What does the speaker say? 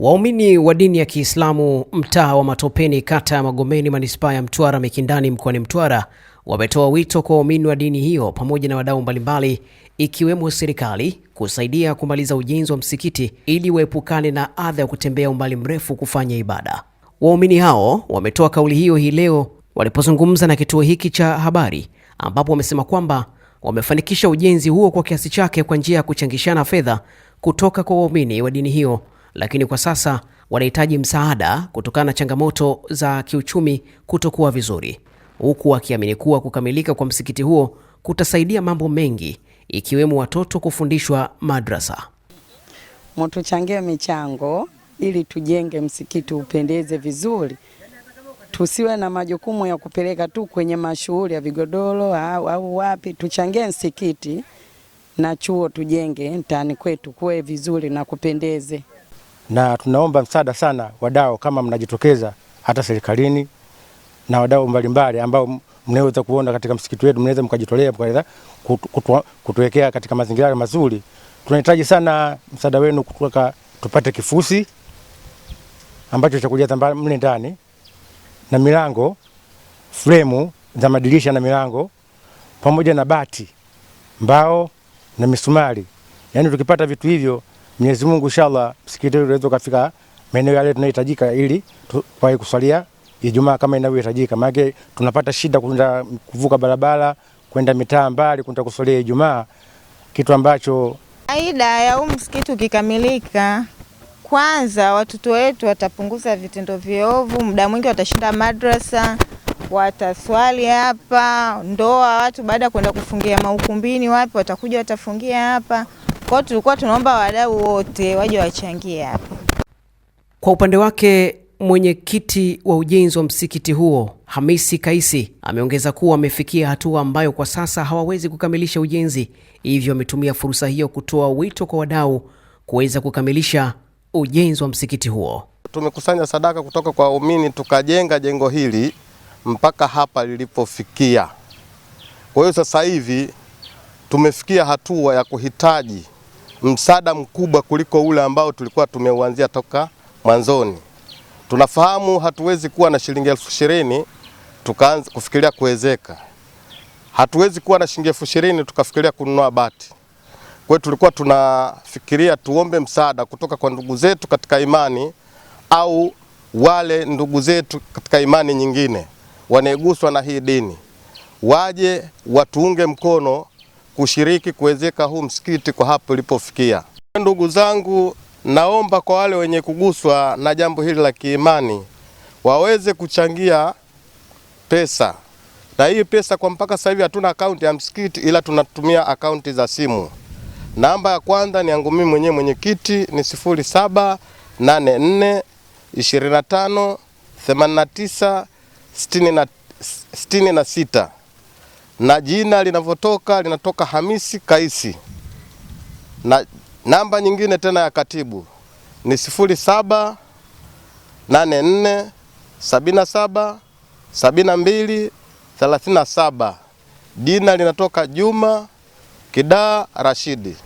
Waumini wa dini ya Kiislamu mtaa wa Matopeni kata ya Magomeni manispaa ya Mtwara Mikindani mkoani Mtwara wametoa wito kwa waumini wa dini hiyo pamoja na wadau mbalimbali ikiwemo serikali kusaidia kumaliza ujenzi wa msikiti ili waepukane na adha ya kutembea umbali mrefu kufanya ibada. Waumini hao wametoa kauli hiyo hii leo walipozungumza na kituo hiki cha habari ambapo wamesema kwamba wamefanikisha ujenzi huo kwa kiasi chake kwa njia ya kuchangishana fedha kutoka kwa waumini wa dini hiyo lakini kwa sasa wanahitaji msaada kutokana na changamoto za kiuchumi kutokuwa vizuri, huku wakiamini kuwa kukamilika kwa msikiti huo kutasaidia mambo mengi ikiwemo watoto kufundishwa madrasa. Mtuchangie michango ili tujenge msikiti upendeze vizuri, tusiwe na majukumu ya kupeleka tu kwenye mashughuli ya vigodoro au, au wapi. Tuchangie msikiti na chuo tujenge ndani kwetu kuwe vizuri na kupendeze na tunaomba msaada sana wadau, kama mnajitokeza hata serikalini na wadau mbalimbali ambao mnaweza kuona katika msikiti wetu, mnaweza mkajitolea mkaweza kutuwekea katika mazingira mazuri. Tunahitaji sana msaada wenu kutoka, tupate kifusi ambacho cha kujaza mle ndani na milango, fremu za madirisha na milango, pamoja na bati, mbao na misumari. Yaani tukipata vitu hivyo Mwenyezi Mungu inshallah msikiti unaweza kufika maeneo yale tunahitajika ili tuwahi kuswalia Ijumaa kama inavyohitajika. Maana tunapata shida kwenda kuvuka barabara, kwenda mitaa mbali kwenda kuswalia Ijumaa, kitu ambacho faida ya huu msikiti ukikamilika, kwanza watoto wetu watapunguza vitendo viovu, muda mwingi watashinda madrasa, wataswali hapa. Ndoa watu baada ya kwenda kufungia maukumbini, wapi watakuja watafungia hapa. Kwa hiyo tulikuwa tunaomba wadau wote waje wachangie hapo. Kwa upande wake mwenyekiti wa ujenzi wa msikiti huo Hamisi Kaisi ameongeza kuwa amefikia hatua ambayo kwa sasa hawawezi kukamilisha ujenzi, hivyo ametumia fursa hiyo kutoa wito kwa wadau kuweza kukamilisha ujenzi wa msikiti huo. Tumekusanya sadaka kutoka kwa waumini tukajenga jengo hili mpaka hapa lilipofikia. Kwa hiyo sasa hivi tumefikia hatua ya kuhitaji msaada mkubwa kuliko ule ambao tulikuwa tumeuanzia toka mwanzoni. Tunafahamu hatuwezi kuwa na shilingi elfu ishirini tukaanza kufikiria kuwezeka, hatuwezi kuwa na shilingi elfu ishirini tukafikiria kununua bati. Kwa hiyo tulikuwa tunafikiria tuombe msaada kutoka kwa ndugu zetu katika imani au wale ndugu zetu katika imani nyingine wanaeguswa na hii dini, waje watuunge mkono kushiriki kuwezeka huu msikiti kwa hapo ulipofikia. Ndugu zangu, naomba kwa wale wenye kuguswa na jambo hili la kiimani waweze kuchangia pesa, na hii pesa kwa mpaka sasa hivi hatuna akaunti ya msikiti, ila tunatumia akaunti za simu. Namba ya kwanza ni yangu mimi mwenyewe mwenyekiti ni 0784 25 na sita na jina linavyotoka linatoka Hamisi Kaisi, na namba nyingine tena ya katibu ni 07 84 77 72 37. Jina linatoka Juma Kidaa Rashidi.